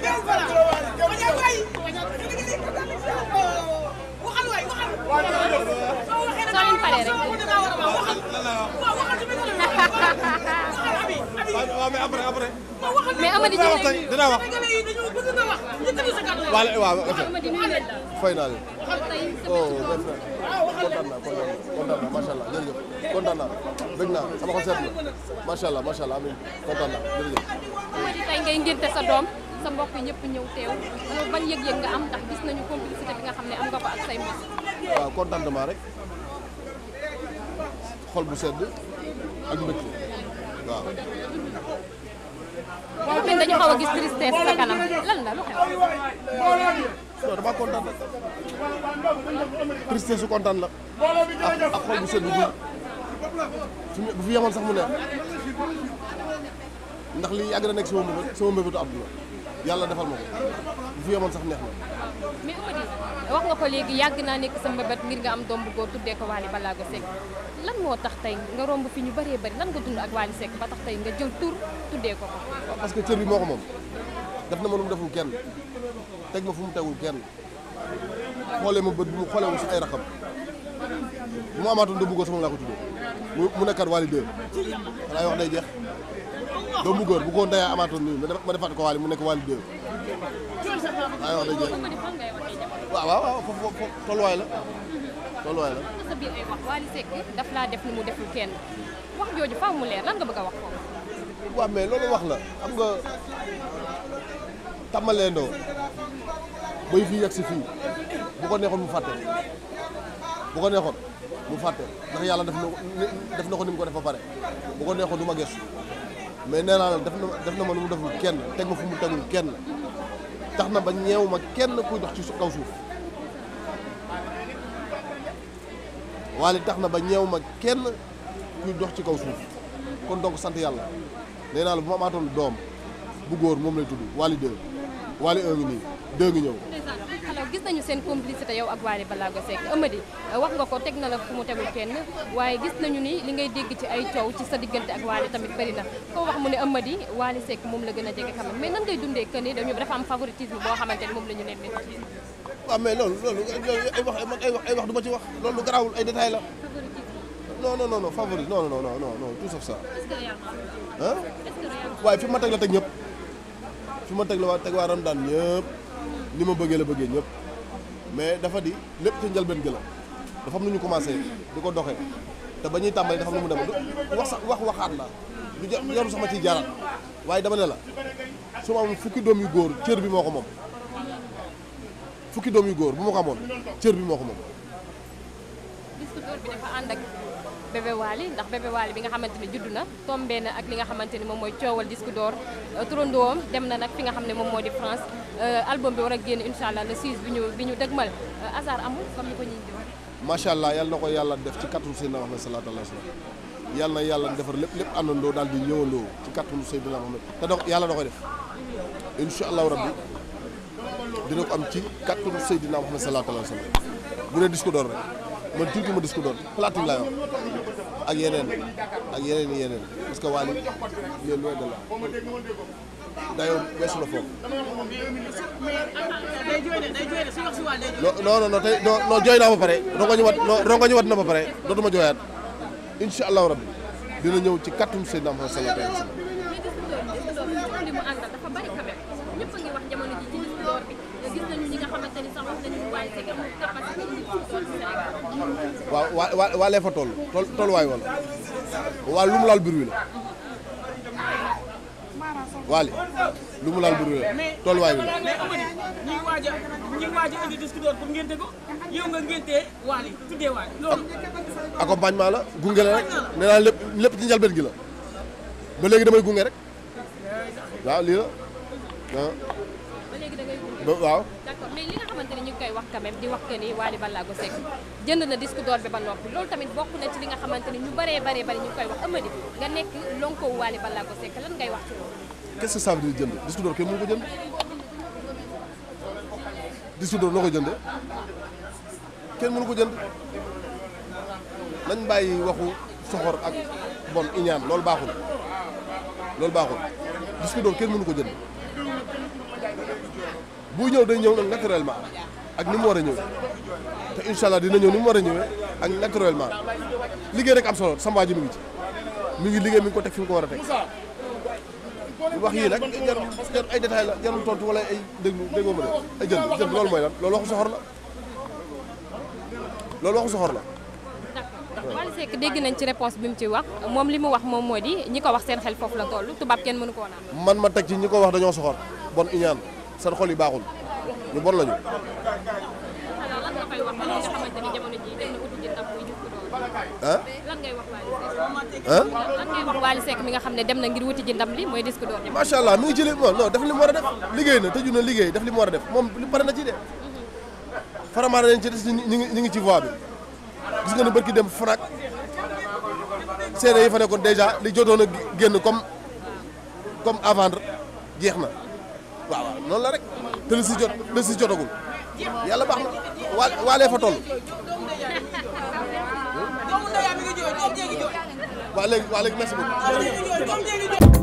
waaw mais après après. mais Amady dina wax tey dina wax. waaw waaw ok fay naa leen. oh merci kontaan naa kontaan naa macha allah jërëjëf kontaan naa bëgg naa sama xol seet na macha allah macha allah amiin kontaan naa jërëjëf. Amady tey ngay ngénte sa doom. sa mbokk yi ñëpp ñëw teew euh, ban yëg-yëg nga am ndax gis nañu complicité bi nga xam ne am nga ko ak say mbokk. waaw contentement rek xol bu sedd ak mbëgg la kontaan rek kontaan la ak xol bu sedd bu fi yemoon sax mu neex. ndax lii yàgg na nekk sama mbëbët sama mbëbëtu àdduna yàlla defal ma ko bu fi yemoon sax neex na. mais Amady wax nga ko léegi yàgg naa nekk sa mbëbët ngir nga am doom bu góor tuddee ko Waly Balago Seck lan moo tax tey nga romb fi ñu baree bëri lan nga dund ak Waly Seck ba tax tey nga jël tur tuddee ko ko. waaw ah, parce que cër bi moo ko moom def na ma lu mu deful kenn teg ma fu mu tegul kenn xoolee ma bët bu mu xoolee si ay raxam bu ma amaatoon doom bu sama laa ko tuddee day jeex. doomu góor bu ko woon dayaa amaatoon nii ma defaat ko waali mu nekk waali déw wax dëgg waaw waaw foofu foofu tolluwaay la tolluwaay la daf laa def ni mu deful kenn wax jooju faaw mu leer lan nga bëgg a wax waaw mais loolu wax la xam nga tàmmaleendoo bay fii yegg si fii bu ko neexoon mu fàtte bu ko neexoon mu fàtte ndax yàlla def na def na ko ni mu ko def fa pare bu ko neexoon du ma gëstu mais nee naa la def na def na ma lu mu deful kenn teg ma fu mu tegul kenn tax na ba ñeew ma kenn kuy dox ci kaw suuf waaye tax na ba ñeew ma kenn kuy dox ci kaw suuf kon donc sant yàlla nee naa la bu ma amaatoon doom bu góor moom lay tudd Wally 2 Wally 1 ngi nii 2 ngi ñëw gis nañu seen complicité yow ak Wally Ballago Seck Amady wax nga ko teg na la fu mu tegul kenn waaye gis nañu ni li ngay dégg ci ay coow ci sa diggante ak Wally tamit bëri na koo wax mu ne Amady Wally Seck moom la gën a jege xam mais nan ngay dundee que ni dañu dafa am favoritisme boo moom la ñu ne waaw loolu loolu ay wax ay wax ay wax ci wax loolu garaawul ay détails la. non non non non favori non non non non non tout sauf ça. ah waaye fi ma teg la teg ñëpp fi ma teg la waa teg waa Ramadan ñëpp ni ma bëggee la bëggee ñëpp. mais dafa di lépp ci njëlbeen gi la dafa am nu ñu commencé di ko doxee te ba ñuy tàmbali dafa am nu mu demee wax wax waxaat la du ja yoru sama ciy jaaraat waaye dama ne la su ma am fukki doom yu góor cër bi moo ko moom fukki doom yu góor bu ma ko amoon cër bi moo ko moom. bébé Waly ndax bébé bi nga xamante ni judd na tombé na ak li nga xamante ni moom mooy coowal disque d'or euh, turandoom dem na nag fi nga xam ne moom moo di France euh, album bi war a génn incha allah le 6 bi ñu bi ñu dëgmal euh, amul comme ko ñuy di wax. macha allah yal na ko yàlla def ci kàttanu Seydina Muhammad sallallahu alayhi wa sallam yal na yàlla defar lépp lépp àndandoo daal di ñëwandoo ci kàttanu Seydina Muhammad te dox yàlla da koy def incha allahu rabbi dina ko am ci kàttanu Seydina Muhammad sallallahu alayhi wa sallam bu dee disque d'or rek man tuuti ma disque d'or platine laa yor. ak yeneen ak yeneen i yeneen parce que Wally il est loin de là dayoo weesu la foofu. non jooy naa ba pare rongoñu wat non na ba pare dootuma jooyaat incha allahu rabbi dina ñëw ci kàttum Seydina Muhammad sallallahu alayhi wa waa waa lee fa toll toll tolluwaay wala waa lu mu laal biir wi la waale lu wi la tolluwaay wi ko accompagnement la gunge la rek nee lépp lépp gi la ba léegi damay gunge rek waaw lii la ba léegi da ngay gunge waaw. xamante ni ñu ngi koy wax quand même di wax que ni Wally Ballago Seck jënd na disque d'or bi loolu tamit bokk nga xamante ni ñu bëree bëree bëri ñu ngi nekk lonko Wally Ballago Seck lan ngay wax ci loolu. qu'est-ce que ça veut dire jënd disque d'or kenn mënu ko jënd disque noo ko jëndee kenn mënu ko jënd nañ bàyyi waxu soxor ak bon iñaan loolu baaxul loolu baaxul disque d'or kenn mënu ko jënd. bu ñëw day ñëw nag naturellement ak ni mu war a ñëwee te incha dina ñëw ni mu war a ñëwee ak naturellement liggéey rek am solo Samba ji mi ngi ci mi ngi liggéey mi ngi ko teg fi mu ko war a teg wax yii nag jar ay détails la jarul tontu wala ay déglu déggoo ma de ay jënd jënd loolu mooy lan loolu waxu soxor la loolu waxu soxor la. Wally Seck dégg nañ ci réponse bi mu ci wax moom li mu wax moom moo di ñi ko wax seen xel foofu la toll tubaab kenn mënu koo man ma teg ci ñi ko wax dañoo soxor bon iñaan seen xol yi baaxul ñu bon lañu. ah. lan ngay nga xam ne dem na ngir wuti ji ndam li mooy disque d'or. macha allah mi ngi jëlee non non def li mu war a def liggéey na tëju na liggéey def li mu war a def moom li pare na ci de. faramaare nañ ci des ñu ngi ñu ngi ci voie bi gis nga ne barki dem Fnac seede yi fa nekkoon dèjà li jotoon a génn comme comme à jeex na. waaw waaw la rek te li si jot li si jotagul yàlla baax na waa waalee fa toll. waa léegi waa léegi merci